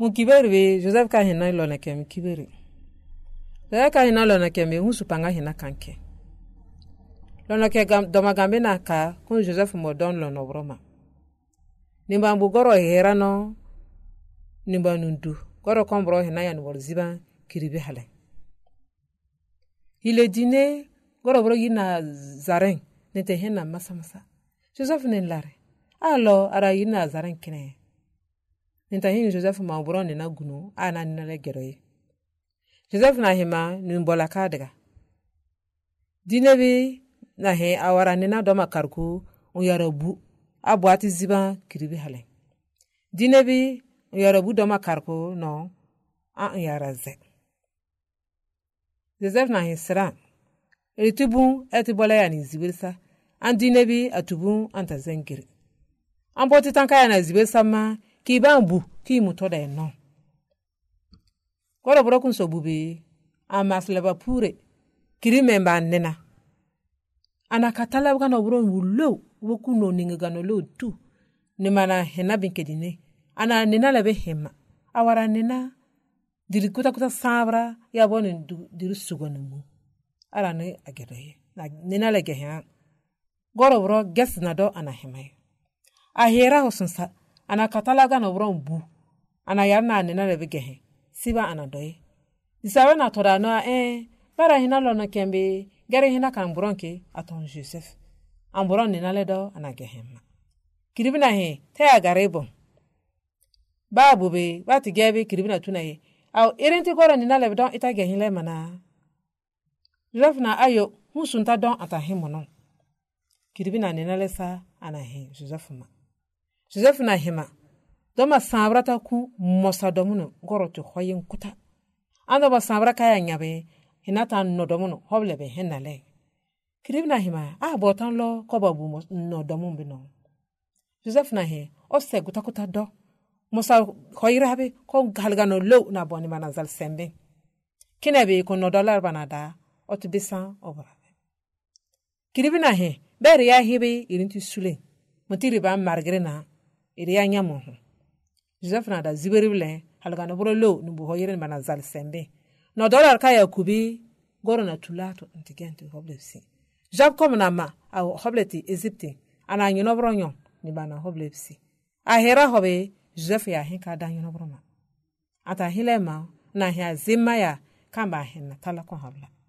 mu kiberi be joseph ka hina lo na kem kiberi joseph ka hina lo na kem ehun su panga hina kanke lo na ke gam doma gambe na ka kun joseph mo don lo no broma nimba mbu goro hera no nimba nundu goro kon bro hina ya no ziba kiribi hale ile dine goro bro yina zaren nete hina masa masa joseph ne lare alo ara yina zaren kine nta hini joseph ma buro ni na gunu a na ni na gero ye joseph na hima ni mbola ka daga dine bi na he awara ni na do makarku un yara bu abu ati ziba kiribi halen dine bi un yara bu do makarku no a un yara ze joseph na he sira eritubu etibola ya ni zibirisa an dine bi atubu anta zengiri an botitan kaya na zibe sama ki b'a bu ki mu toda en non koro buro so bube amas laba pure kiri men ban nena ana katalab gana buro wullo wo kuno ninga gano lo tu ni mana bi bin kedine ana nina labe hema awara nina diri kuta kuta sabra ya bonin diri sugoni mu ara ni agedoye nina lege hea goro buro ges na do ana hemaye a hosun sa ana katalaga na buron bu ana yar na ne na rebe si ba ana doye disawe na tora na e bara hina lo no kembe gere hina kan buron ke aton joseph an buron ne na ledo ana gehe ma kiribi na he te ya gare bon ba bube ba ti gebe kiribi na tuna ye aw irin ti goro ne na lebe don ita gehe le mana joseph na ayo hun sunta don ata himono kiribi na ne na lesa ana he joseph ma joseph na hima doma sabra ta ku mosa domuno goro ti hoyin kuta ando ba sabra kaya nyabe hina ta no domuno hoble le kirib na hima a botan lo ko ba bu no bino joseph na he o se guta kuta do mosa hoyira be ko galgano lo na boni mana zal sembe kina be ko no dollar bana da o ti bisan obra kirib na he bere ya hebe irin sule mutiri ba margire ere ya nya mo joseph na da ziberibule halga no boro loo na buho yere mana zal sembe no dolar ka ya kubi goro na tulato ntigenti hoblepsi jacob na ma a hobleti egypte ana nyi no boro nyon ni bana hoblepsi a hera hobe joseph ya hin ka da nyi no boro ma ata hile ma na hia zimma ya kamba hin na talakon hoblepsi